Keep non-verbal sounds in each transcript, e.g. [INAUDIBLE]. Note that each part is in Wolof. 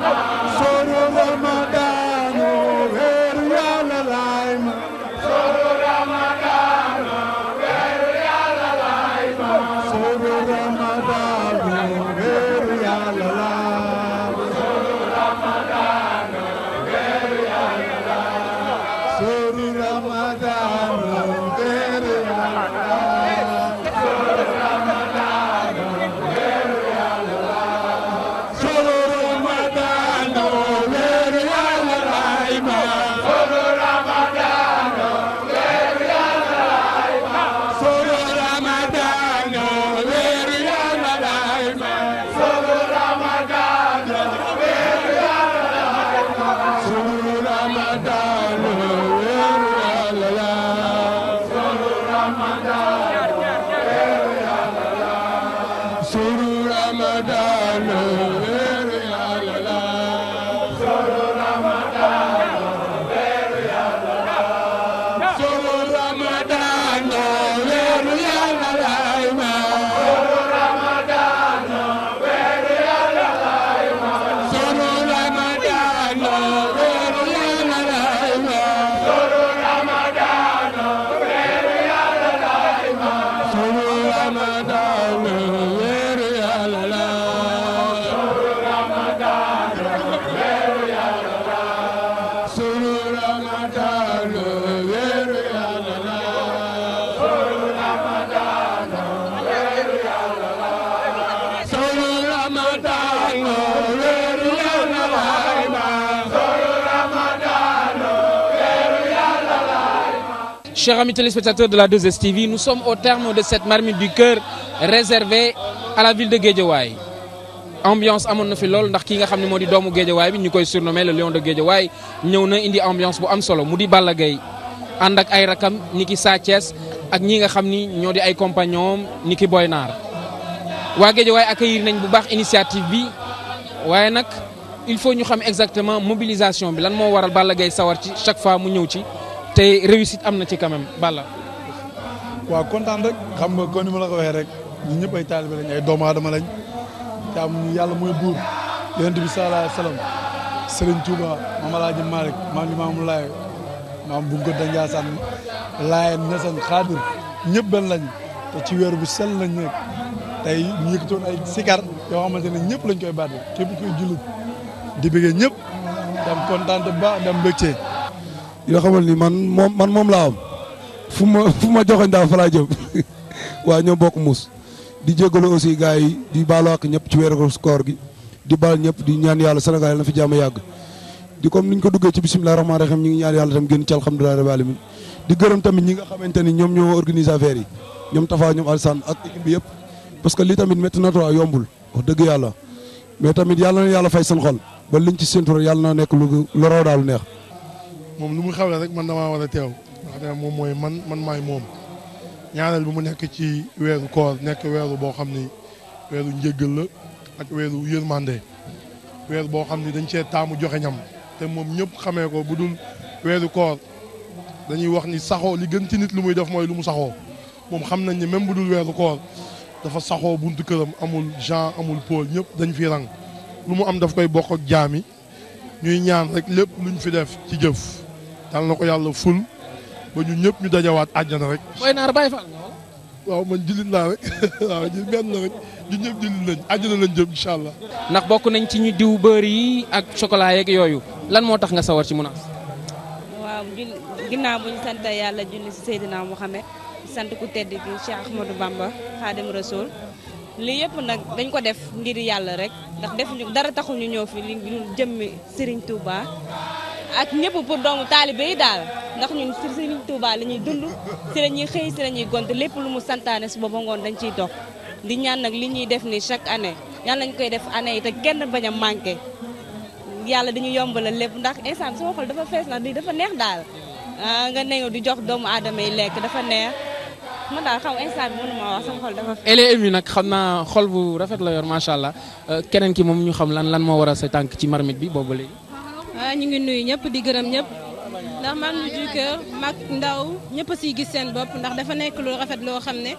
Muhammad Ramadan Chers amis téléspectateurs de la 2 nous sommes au terme de cette marmite du cœur réservée à la ville de Guédiawaye. ambiance amoon na fi lool ndax kii nga xam ne moo di doomu géejawaay bi ñu koy surnommé le lion de géejawaay ñëw na indi ambiance bu am solo mu di Balla gay ànd ak ay rakam ni ki Sa Thiès ak ñii nga xam ni ñoo di ay compagnon ni ki Boy Naar waa géejawaay accueillir nañ bu baax initiative bi waaye nag il faut ñu xam exactement mobilisation bi lan moo waral Balla Gaye sawar ci chaque fois mu ñëw ci te réussit am na ci quand bala Balla waaw kontaan rek xam nga kon ni ma la ko waxee rek ñun ñëpp ay lañ ay doomu aadama lañ jaamu yàlla mooy buur yonent bi sallallahu alayhi wa sallam ma Touba Maam Alaaji Malick Maam Laay maam bu Ngor Ndiassane Laay Ñaseen Xaadir ñëpp benn lañ te ci weer bu sell lañ nekk tey ñu yëkkatoon ay sikar yoo xamante ne ñëpp lañ koy bàdde képp koy jullit di bëggee ñëpp dam kontaan ba baax dam xamal ni man moom man moom laa am fu ma fu ma joxoñ daal fa laa [LAUGHS] bokk muus di jégalu aussi gars yi di baalu ak ñëpp ci weeru koor gi di baal ñëpp di ñaan yàlla Sénégal na fi jàmm yàgg di comme ni ñu ko duggee ci bisimilah rahmaani rahiim ñu ngi ñaan yàlla tam génn ci alhamdulilah rabbil alamin di gërëm tamit ñi nga xamante ni ñoom ñoo organise affaire yi ñoom Tafa ñoom Alsane ak équipe bi yëpp parce que lii tamit métti na trop yombul dëgg yàlla mais tamit yàlla na yàlla fay seen xol ba liñ ci séntu yàlla na nekk lu loroo daal neex. moom lu mu xawle rek man damaa war a moom mooy man man maay moom ñaareel bi mu nekk ci weeru koor nekk weeru boo xam ni weeru njëggal la ak weeru yërmande weer boo xam ni dañ cee taamu joxe ñam te moom ñëpp xamee ko bu weeru koor dañuy wax ni saxoo li gën ci nit lu muy def mooy lu mu saxoo moom xam nañ ni même bu dul weeru koor dafa saxoo buntu këram amul Jean amul Paul ñëpp dañ fi rang lu mu am daf koy bokk ak jaami ñuy ñaan rek lépp luñ fi def ci jëf dal na ko yàlla ful ba ñu ñëpp ñu dajawaat àjjana rek. booy naar bàyyi faal nga wala. waaw man jullit laa rek [LAUGHS] waaw ñun benn rek ñun ñëpp jullit lañ àjjana lañ jëm incha allah. ndax bokk nañ ci ñu diw beurre yi ak chocolat yeeg yooyu lan moo tax nga sawar ci munaas. waaw jul ginnaaw bu ñu sant yàlla julli si Seydina Mouhamed sant ku tedd gi Cheikh Ahmadou Bamba Khadim Rasoul lii yëpp nag dañ ko def ngir yàlla rek ndax defuñu dara taxuñu ñëw fi li jëmmi Serigne Touba. ak ñëpp pour doomu taalibe yi daal ndax ñun si Sëriñ Tuubaa la ñuy dund si la ñuy xëy si la ñuy gont lépp lu mu santaane su booba ngoon dañu ciy dox di ñaan nag li ñuy def nii chaque année yàlla nañ koy def année yi kenn bañ a yàlla dañu yombalal lépp ndax instant bi sama xol dafa fees ndax di dafa neex daal ah, nga neñu di jox doomu aadama yi lekk dafa neex man daal xaw instant bi mënuma wax sama xol dafa fees élèves yi nag xam naa xol bu rafet la yor macha allah euh, keneen ki moom ñu xam lan lan moo war a sa tànk ci marmite bi boobu léegi waaw ah, ñu ngi nuyu ñëpp di gërëm ñëpp ndax Marmite du Cœur mag ndaw ñëpp a siy gis seen bopp ndax dafa nekk lu rafet loo xam ne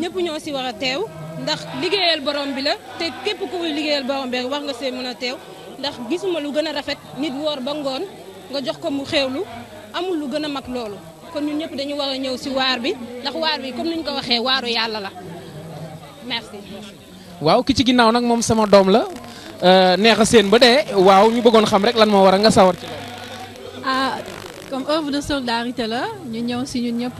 ñëpp ñoo si war teew ndax liggéeyal borom bi la te képp ku liggéeyal borom bi wax nga seen mën a teew ndax gisuma lu gën a rafet nit woor ba ngoon nga jox ko mu lu amul lu gën a mag loolu kon ñun ñëpp dañu war ñëw si waar bi ndax waar bi comme ni ñu ko waxee waaru yàlla la merci. waaw ki ci ginnaaw nag moom sama doom la Euh, neex a seen ba dee waaw ñu bëggoon xam rek lan moo waral nga sawar ci loolu. ah comme œuvre de solidarité la ñu ñëw si ñun ñëpp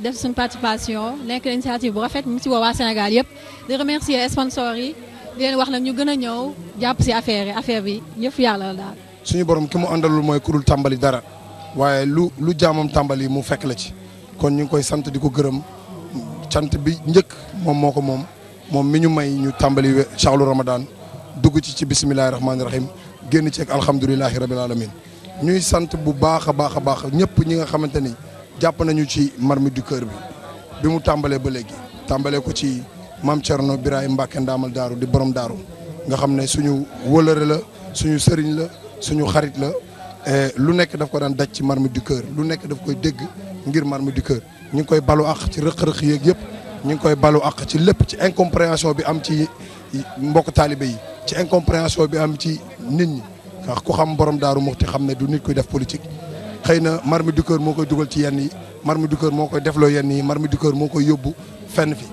def suñu participation nekk initiative bu rafet ñu si woo Sénégal yëpp di remercier sponsors yi leen wax nag ñu gën a ñëw jàpp si affaire yi affaire bi yëpp yàlla la daal. suñu borom ki mu àndalul mooy kurul tàmbali dara waaye lu lu jaamam tàmbali mu fekk la ci kon ñu ngi koy sant di ko gërëm sant bi njëkk moom moo ko moom moom mi ñu may ñu tàmbali Shahru Ramadan. dugg ci ci bisimilahi rahmaani rahim génn ci ak alhamdulilahi rabil alamin ñuy sant bu baax a baax a baax ñëpp ñi nga xamante ni jàpp nañu ci Marmite du kër bi bi mu tàmbalee ba léegi tàmbalee ko ci maam Thierno Birahim Mbacke ndaamal daaru di borom daaru nga xam ne suñu wëlëre la suñu sëriñ la suñu xarit la e, lu nekk daf ko daan daj ci Marmite du Cœur lu nekk daf koy dégg ngir Marmite du kër ñu ngi koy balu àq ci rëq-rëq yeeg yëpp ñu ngi koy balu àq ci lépp ci incompréhension bi am ci mbokk taalibe yi ci incompréhension bi am ci nit ñi ndax ku xam borom daaru muxti xam ne du nit kuy def politique xëy na marmi du kër moo koy dugal ci yenn yi marmi du kër moo koy defloo yenn yi marmi du kër moo koy yóbbu fenn fi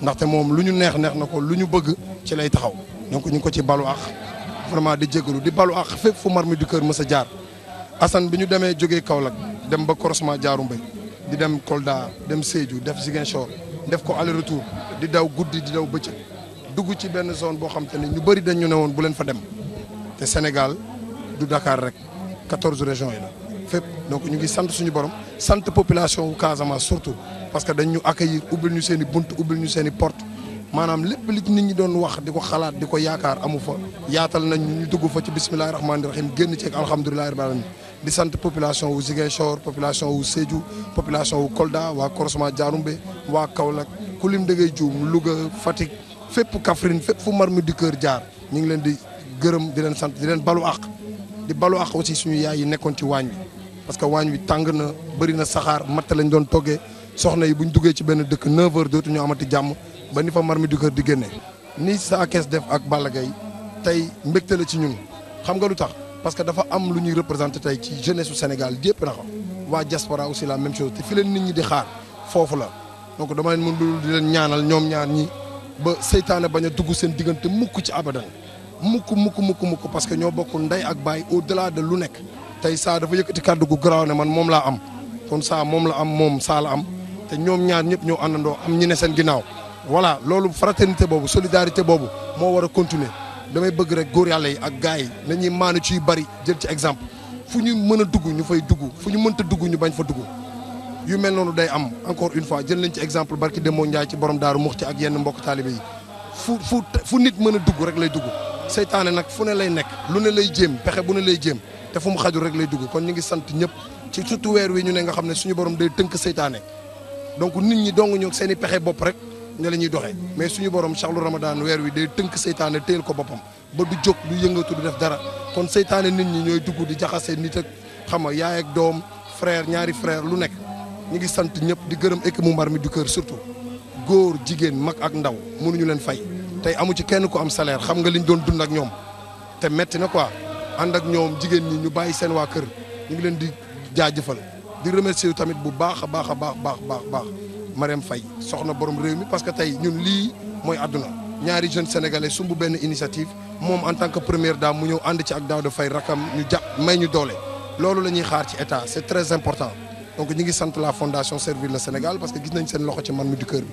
ndaxte moom lu ñu neex neex na ko lu ñu bëgg ci lay taxaw donc ñu ngi ko ci balu ak vraiment di jégalu di balu ak fépp fu marmi du kër mës a jaar Assane bi ñu demee jógee Kaolack dem ba croisement jaaru mbay di dem Kolda dem Sédhiou def Ziguinchor def ko aller retour di daw guddi di daw bëccëg dugg ci benn zone boo xam te ne ñu bëri dañu ne woon bu leen fa dem te Sénégal du Dakar rek quatorze régions yi la fépp donc ñu ngi sant suñu borom sant population wu Casamance surtout parce que dañ ñu accueillir ubbil ñu seen bunt ubbil ñu seeni porte maanaam lépp li nit ñi doon wax di ko xalaat di ko yaakaar amu fa yaatal nañ ñu dugg fa ci bismillahi rahmaani rahim génn ceeg alhamdulilahi rabbil alamin di sant population wu Ziguinchor population wu Sédhiou population wu Kolda waa Korosma Dianoumbe waa Kaolack ku lim dëggee juum Louga Fatick fépp Kaffrine fépp fu Marmite du Cœur jaar ñu ngi leen di gërëm di leen sant di leen balu àq di balu àq aussi suñu yaay yi nekkoon ci waañ wi parce que waañ wi tàng na bëri na saxaar matt lañ doon toggee soxna yi bu ñu duggee ci benn dëkk 9h dootuñu amati jàmm ba ni fa Marmite du Cœur di génne. ni Sa Thiès def ak Balla Gaye tey mbégte la ci ñun xam nga lu tax parce que dafa am lu ñuy représenté tey ci jeunesse su Sénégal yëpp na xam waa diaspora aussi la même chose leen nit ñi di xaar foofu la donc ñaanal ñoom ñaar ñi. ba seytaane bañ a dugg seen diggante mukk ci abadan mukk mukk mukk mukk parce que ñoo bokkul ndey ak baay au delà de lu nekk tey saa dafa yëkkati kàddu gu garaaw ne man moom laa am kon saa moom la am moom saa la am te ñoom ñaar ñëpp ñoo àndandoo am ñi ne seen ginnaaw voilà loolu fraternité boobu solidarité boobu moo war a continuer damay bëgg rek góor yàlla yi ak gars yi nañuy maanu ciy bari jël ci exemple fu ñu mën a dugg ñu fay dugg fu ñu mënta dugg ñu bañ fa dugg yu mel noonu day am encore une fois jël nañ ci exemple barki demo Ndiaye ci borom daaru Muxti ak yenn mbokk taalibe yi fu fu fu nit mën a dugg rek lay dugg seytaane nag fu ne lay nekk lu ne lay jéem pexe bu ne lay jéem te fu mu xajul rek lay dugg kon ñu ngi sant ñëpp ci surtout weer wi ñu ne nga xam ne suñu borom day tënk seytaane donc nit ñi dong ñoo seen i pexe bopp rek ne la ñuy doxee mais suñu borom saxlu ramadan weer wi day tënk seytaane téyel ko boppam ba du jóg du yëngatu du def dara kon seytaane nit ñi ñooy dugg di jaxase nit ak xam nga yaay ak doom frère ñaari frère lu nekk ñu ngi sant ñëpp di gërëm équipe mu Mbarmi du kër surtout góor jigéen mag ak ndaw mënuñu leen fay tey amu ci kenn ku am salaire xam nga liñ doon dund ak ñoom te metti na quoi ànd ak ñoom jigéen ñi ñu bàyyi seen waa kër ñu ngi leen di jaajëfal di remercier tamit bu baax a baax a baax baax baax baax Marème Faye soxna borom réew mi parce que tey ñun lii mooy àdduna ñaari jeunes sénégalais sumbu benn initiative moom en tant que première dame mu ñëw ànd ci ak Daouda Faye rakam ñu jàpp may ñu doole loolu la xaar ci état c'est très important donc ñi ngi sant la fondation Servir le Sénégal parce que gis nañ seen loxo ci Marmite du Cœur bi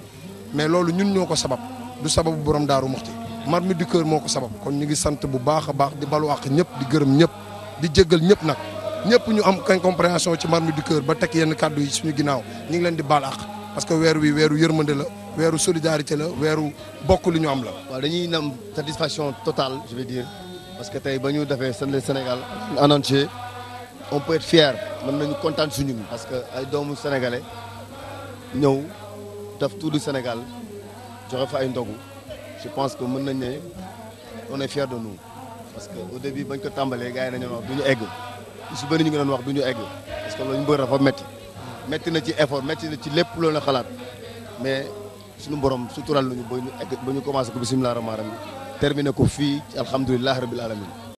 mais loolu ñun ñoo ko sabab du sababu borom daaru Muxti Marmite du Cœur moo ko sabab kon ñu ngi sant bu baax a baax di balu àq ñëpp di gërëm ñëpp di jéggal ñëpp nag ñëpp ñu am kañ compréhension ci Marmite du Cœur ba teg yenn kàddu yi suñu ginnaaw ñu ngi leen di baal àq parce que weer wi weeru yërmande la weeru solidarité la weeru bokk li ñu am la. waaw dañuy am satisfaction totale je parce que tey ba ñu defee seen Sénégal en entier on peut être fier mën nañu kontaan suñu parce que ay doomu sénégalais ñëw daf tuuti Sénégal joxe fa ay ndogu je pense que mën nañ ne on est fier de nous parce que au début bañ ko tàmbalee gars yi dañu wax du ñu egg su bëri ñu ngi doon wax du ñu egg parce que loolu ñu bëri dafa métti métti na ci effort métti na ci lépp loolu la xalaat mais suñu borom sutural nañu ba ñu egg ba ñu commencé ko bisimilah rahmaani rahiim terminé ko fii alhamdulilah rabil alamin